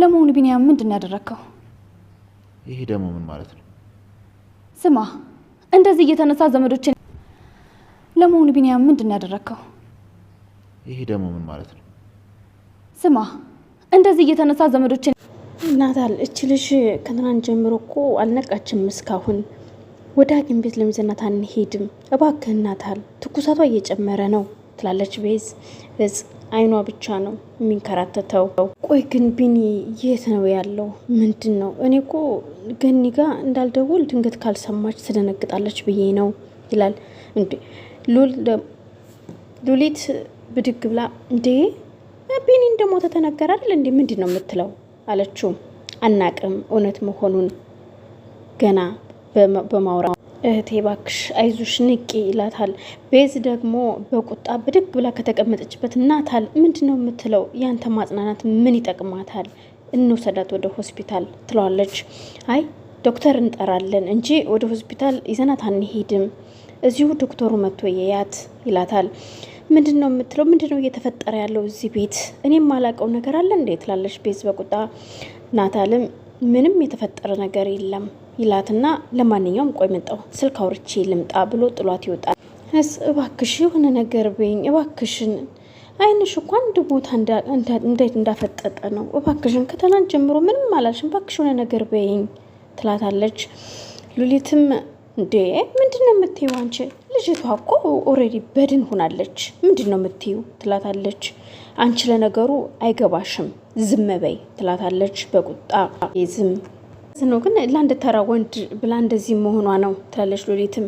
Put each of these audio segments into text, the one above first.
ለመሆኑ ቢኒያም ምንድን ነው ያደረግከው? ይሄ ደግሞ ምን ማለት ነው? ስማ፣ እንደዚህ እየተነሳ ዘመዶችን። ለመሆኑ ቢኒያም ምንድን ነው ያደረግከው? ይሄ ደግሞ ምን ማለት ነው? ስማ፣ እንደዚህ እየተነሳ ዘመዶችን። እናታል። እች ልጅ ከትናንት ጀምሮ እኮ አልነቃችም እስካሁን። ወደ ሐኪም ቤት ለምዘናት አንሄድም እባክህ እናታል። ትኩሳቷ እየጨመረ ነው ትላለች። ቤዝ እጽ አይኗ ብቻ ነው የሚንከራተተው። ቆይ ግን ቢኒ የት ነው ያለው? ምንድን ነው? እኔ እኮ ገኒ ጋ እንዳልደውል ድንገት ካልሰማች ትደነግጣለች ብዬ ነው ይላል። እንዴ ሉሊት ብድግ ብላ እንዴ ቢኒ እንደሞተ ተነገረ አይደል እንዴ? ምንድን ነው የምትለው አለችው። አናቅም እውነት መሆኑን ገና በማውራ እህቴ ባክሽ አይዞሽ ንቂ ይላታል። ቤዝ ደግሞ በቁጣ ብድግ ብላ ከተቀመጠችበት ናታል ምንድን ነው የምትለው? ያንተ ማጽናናት ምን ይጠቅማታል? እንውሰዳት ወደ ሆስፒታል ትለዋለች። አይ ዶክተር እንጠራለን እንጂ ወደ ሆስፒታል ይዘናት አንሄድም፣ እዚሁ ዶክተሩ መጥቶ የያት ይላታል። ምንድን ነው የምትለው? ምንድን ነው እየተፈጠረ ያለው እዚህ ቤት? እኔም ማላውቀው ነገር አለ እንዴ? ትላለች ቤዝ በቁጣ ናታልም ምንም የተፈጠረ ነገር የለም ይላትና ለማንኛውም ቆይ መጣሁ ስልክ አውርቼ ልምጣ ብሎ ጥሏት ይወጣል። እስ እባክሽ የሆነ ነገር በይኝ እባክሽን፣ አይንሽ እኮ አንድ ቦታ እንዴት እንዳፈጠጠ ነው። እባክሽን ከትናንት ጀምሮ ምንም አላልሽም፣ እባክሽ የሆነ ነገር በይኝ ትላታለች። ሉሊትም እንዴ ምንድን ነው የምትይው አንቺ? ልጅቷ እኮ ኦልሬዲ በድን ሆናለች። ምንድን ነው የምትይው ትላታለች። አንቺ ለነገሩ አይገባሽም፣ ዝም በይ ትላታለች በቁጣ ዝም ነው ግን ለአንድ ተራ ወንድ ብላ እንደዚህ መሆኗ ነው ትላለች። ሎሊትም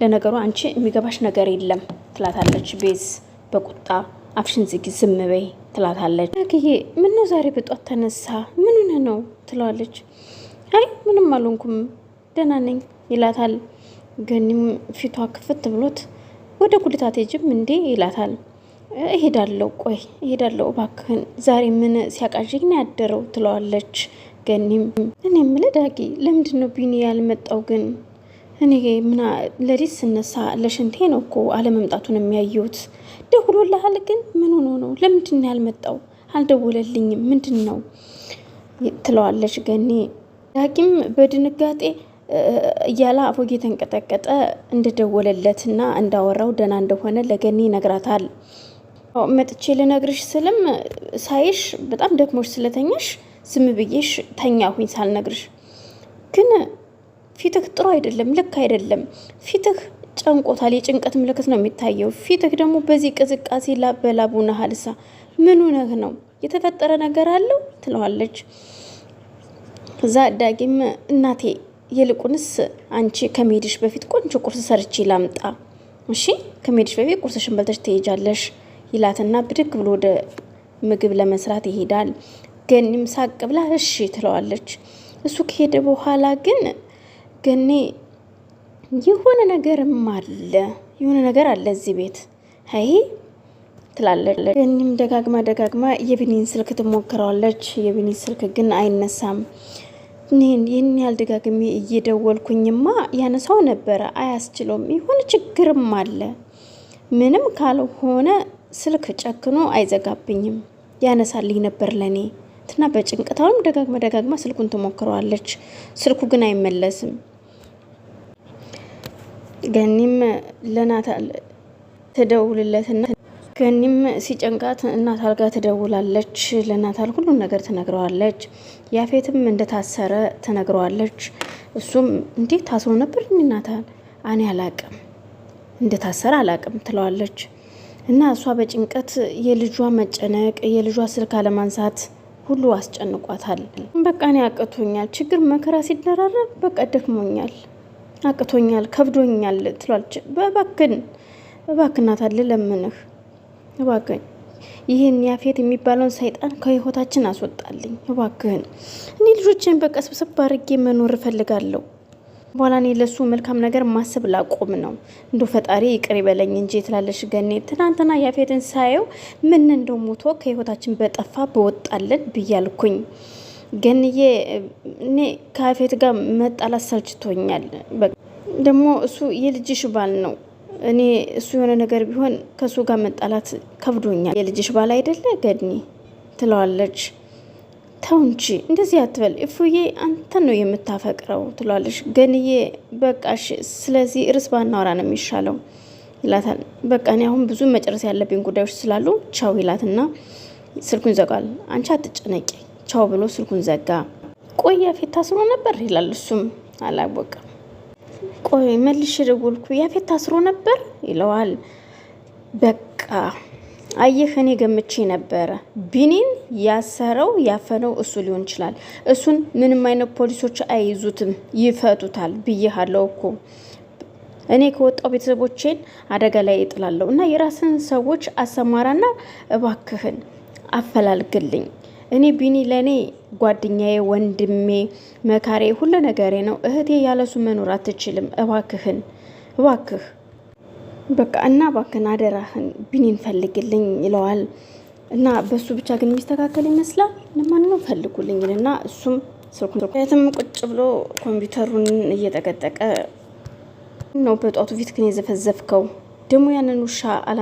ለነገሩ አንቺ የሚገባሽ ነገር የለም ትላታለች። ቤዝ በቁጣ አፍሽን ዝጊ፣ ዝም በይ ትላታለች። ናግዬ ምነው ዛሬ በጧት ተነሳ? ምኑን ነው ትለዋለች። አይ ምንም አልሆንኩም ደህና ነኝ ይላታል። ገኒም ፊቷ ክፍት ብሎት ወደ ጉልታት ሄጅም እንዴ ይላታል። እሄዳለሁ ቆይ እሄዳለሁ፣ እባክህን ዛሬ ምን ሲያቃዥኝ ያደረው ትለዋለች። ገኒም እኔ የምልህ ዳጊ ለምንድን ነው ቢኒ ያልመጣው ግን? እኔ ምና ለዲስ ስነሳ ለሽንቴ ነው እኮ አለመምጣቱን የሚያየሁት። ደውሎልሃል ግን? ምን ሆኖ ነው? ለምንድን ነው ያልመጣው? አልደወለልኝም። ምንድን ነው ትለዋለች ገኒ። ዳጊም በድንጋጤ እያለ አፎ እየተንቀጠቀጠ እንደደወለለትና እንዳወራው ደህና እንደሆነ ለገኒ ይነግራታል። መጥቼ ልነግርሽ ስልም ሳይሽ በጣም ደክሞች ስለተኛሽ ዝም ብዬሽ ተኛሁኝ ሳልነግርሽ። ግን ፊትህ ጥሩ አይደለም፣ ልክ አይደለም። ፊትህ ጨንቆታል። የጭንቀት ምልክት ነው የሚታየው ፊትህ። ደግሞ በዚህ ቅዝቃዜ ላብ በላቡ ናሃልሳ ምኑ ነህ ነው የተፈጠረ ነገር አለው ትለዋለች። እዛ ዳጊም እናቴ ይልቁንስ አንቺ ከመሄድሽ በፊት ቆንጆ ቁርስ ሰርቼ ላምጣ፣ እሺ ከመሄድሽ በፊት ቁርስሽን በልተሽ ትሄጃለሽ ይላትና ብድግ ብሎ ወደ ምግብ ለመስራት ይሄዳል። ገኒም ሳቅ ብላ እሺ ትለዋለች። እሱ ከሄደ በኋላ ግን ገኒ የሆነ ነገርም አለ የሆነ ነገር አለ እዚህ ቤት አይ ትላለች። ገኒም ደጋግማ ደጋግማ የቢኒን ስልክ ትሞክረዋለች። የቢኒን ስልክ ግን አይነሳም። ይህን ያህል ደጋግሜ እየደወልኩኝማ ያነሳው ነበረ፣ አያስችለውም። የሆነ ችግርም አለ። ምንም ካልሆነ ስልክ ጨክኖ አይዘጋብኝም፣ ያነሳልኝ ነበር ለእኔ በጭንቀት አሁንም ደጋግማ ደጋግማ ስልኩን ትሞክረዋለች። ስልኩ ግን አይመለስም። ገኒም ለናት ትደውልለትና ገኒም ሲጨንቃት እናታል ጋር ትደውላለች። ለናታል ሁሉን ነገር ትነግረዋለች። ያፌትም እንደታሰረ ትነግረዋለች። እሱም እንዴት ታስሮ ነበር እናታል እኔ አላቅም እንደታሰረ አላቅም ትለዋለች። እና እሷ በጭንቀት የልጇ መጨነቅ የልጇ ስልክ አለማንሳት ሁሉ አስጨንቋታል። በቃ እኔ አቅቶኛል፣ ችግር መከራ ሲደራረብ በቃ ደክሞኛል፣ አቅቶኛል፣ ከብዶኛል ትሏልች። በባክን እባክናታል ለምንህ እባክን ይህን ያፌት የሚባለውን ሰይጣን ከህይወታችን አስወጣልኝ እባክህን። እኔ ልጆችን በቃ ስብስብ አድርጌ መኖር እፈልጋለሁ። በኋላ እኔ ለሱ መልካም ነገር ማሰብ ላቆም ነው። እንዶ ፈጣሪ ይቅር ይበለኝ እንጂ ትላለሽ ገኔ። ትናንትና ያፌትን ሳየው ምን እንደው ሞቶ ከህይወታችን በጠፋ በወጣለን ብያልኩኝ። ገንዬ እኔ ከያፌት ጋር መጣላት ሰልችቶኛል። ደግሞ እሱ የልጅሽ ባል ነው። እኔ እሱ የሆነ ነገር ቢሆን ከእሱ ጋር መጣላት ከብዶኛል። የልጅሽ ባል አይደለ ገኒ ትለዋለች። ተው እንጂ እንደዚህ አትበል እፉዬ፣ አንተ ነው የምታፈቅረው ትሏለች ገንዬ። በቃሽ፣ ስለዚህ እርስ ባናወራ ነው የሚሻለው ይላታል። በቃ እኔ አሁን ብዙ መጨረስ ያለብኝ ጉዳዮች ስላሉ ቻው ይላትና ስልኩን ይዘጋል። አንቺ አትጨነቂ ቻው ብሎ ስልኩን ዘጋ። ቆይ ያፌት ታስሮ ነበር ይላል። እሱም አላወቅም። ቆይ መልሽ ደወልኩ ያፌት ታስሮ ነበር ይለዋል። በቃ አየህ እኔ ገምቼ ነበረ። ቢኒን ያሰረው ያፈነው እሱ ሊሆን ይችላል። እሱን ምንም አይነት ፖሊሶች አይይዙትም፣ ይፈቱታል ብዬሃለው እኮ እኔ ከወጣው ቤተሰቦቼን አደጋ ላይ ይጥላለሁ እና የራስን ሰዎች አሰማራና እባክህን አፈላልግልኝ። እኔ ቢኒ ለእኔ ጓደኛዬ፣ ወንድሜ፣ መካሬ፣ ሁሉ ነገሬ ነው። እህቴ ያለሱ መኖር አትችልም። እባክህን እባክህ በቃ እና እባክህን አደራህን ቢኒን ፈልግልኝ ይለዋል። እና በሱ ብቻ ግን የሚስተካከል ይመስላል። ለማንኛውም ፈልጉልኝ እና እሱም ስልኩን ቁጭ ብሎ ኮምፒውተሩን እየጠቀጠቀ ነው። በጧቱ ፊት ግን የዘፈዘፍከው ደግሞ ያንን ውሻ